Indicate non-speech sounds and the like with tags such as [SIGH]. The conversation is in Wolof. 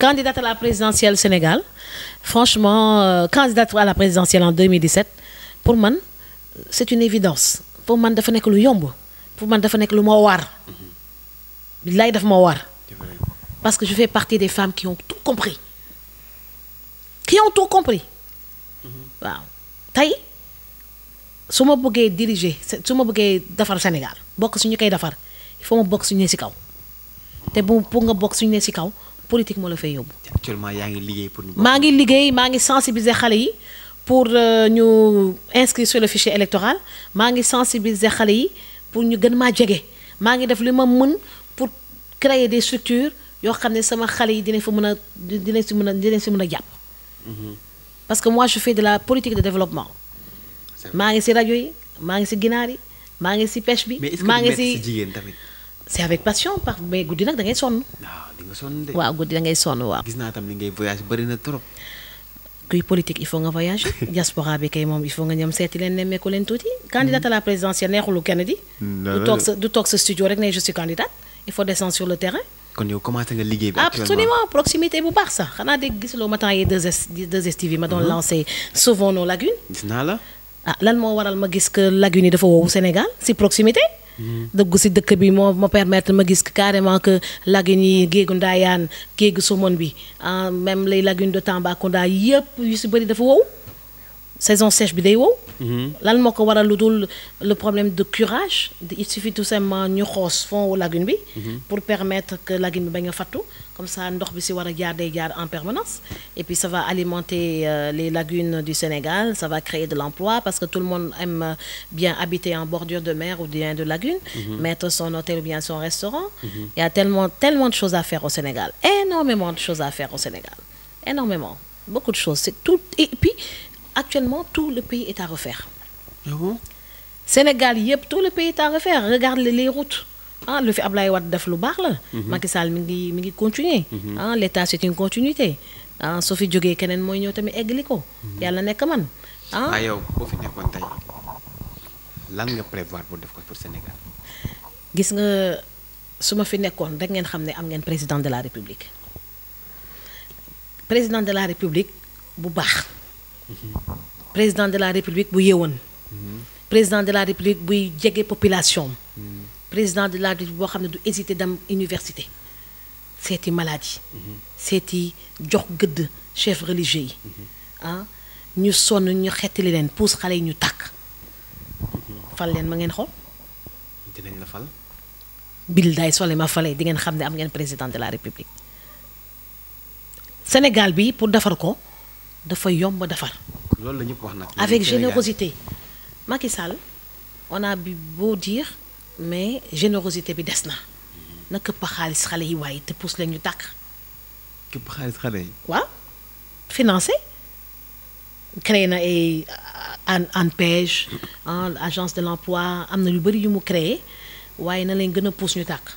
candidate à la présidentielle Sénégal franchement euh, candidate à la présidentielle en 2017 pour moi, c'est une évidence pour moi, dafa nekk lu yomb pour moi, dafa nekk lu ma war billaay daf le parce que je fais partie des femmes qui ont tout compris qui ont tout compris waaw tey Si je bëggee diriger je veux faire le Sénégal veux suñu le Sénégal? il faut que je suñu ne si kaw veux pour nga politique moo la fay yóbbu. actuellement yaa ngi pour ñu. maa ngi sensibiliser xalé yi pour nous euh, inscrire sur le fichier électoral maa ngi sensibiliser xalé yi pour ñu gën ma djégé maa ngi def li pour créer des structures yo xamné sama xalé yi dina fa mëna dina ci mëna dina ci mëna si mhm. parce que moi je fais de la politique de développement. maa ngi si rajo yi maa ngi si ginaar yi pêche bi. ngi mais c'est avec passion par mais goudi nak da ngay sonn. Ah nga sonn de. waaw guddi da ngay sonn waaw. gis naa tam li ngay voyage bari na trop. kuy politique il faut nga voyage [LAUGHS] diaspora bi kay moom il faut nga ñoom seeti leen nemmeeku leen tuuti. candidate à la présidentielle neexulu kenn Kennedy, du toog sa du toog sa studio rek ne je suis candidate il faut descendre sur le terrain. kon yow commencé nga liggéey bi absolument proximité bu baax sax xanaa dégg gisuloo ma temps yii 2S 2STV ma doon mhm. lancé souvent nos lagunes. gis naa la. ah lan moo waral ma gis que lagunes yi dafa woowu Sénégal si proximité. dëggu si dëkk bi moo ma permettre ma gis carrément que lagune yi géegu Ndaayaan géegu Somone bi ah, même lay lagunes de Tambacounda yëpp yu si bëri dafa wow. saison sèche bi mhm. lan le problème de curage il suffit tout simplement ñu xoss fond lagune bi. Mhm. pour permettre que lagune bi bañ comme ça ndox bi ci jaar jaar en permanence et puis ça va alimenter euh, les lagunes du Sénégal ça va créer de l'emploi parce que tout le monde aime euh, bien habiter en bordure de mer ou bien de lagune. Mhm. mettre son hôtel ou bien son restaurant. il y a tellement tellement de choses à faire au Sénégal énormément de choses à faire au Sénégal énormément beaucoup de choses c'est tout et puis actuellement, tout le pays est à refaire. Ah bon Sénégal, yep, tout le pays est à refaire. Regarde les routes. ah le fi Ablaye Wad def lu baax la. Mhm. Macky Sall mi ngi continuer. Mhm. ah l'État c'est une continuité ah soo fi jógee keneen mooy ñëw tamit Il y a nekk man ah. ah yow boo fi nekkoon tey lan nga prévoir pour def ko pour Sénégal. gis nga suma fi nekkoon rek ngeen xamné am ngeen président de la république président de la république bu baax. Mhm. président de la république bu yeewoon mhm. président de la république bu jege population mhm. président de la république bo xamné du hésiter dam université une maladie seeti jox gëdd chef religieux hein ah ñu son ñu xettali leen puus xale yi ñu tak fal len ma ngeen xol dinañ la fal day sole ma falee di ngeen xamné am ngeen président de la république Sénégal bi pour defar ko dafa yomb defar. loolu la ñëpp wax nag. avec générosité Macky Sall on a bi beau dire mais générosité bi dessna nak pa këpp xalé yi waaye te pousse leen tak tàkk. këpp xaalis xalé yi. waaw financé créé na ay euh, an ANPEJ hein, agence de l'emploi amna am na lu bëri yu mu créer waye na leen gëna pousse ñu tak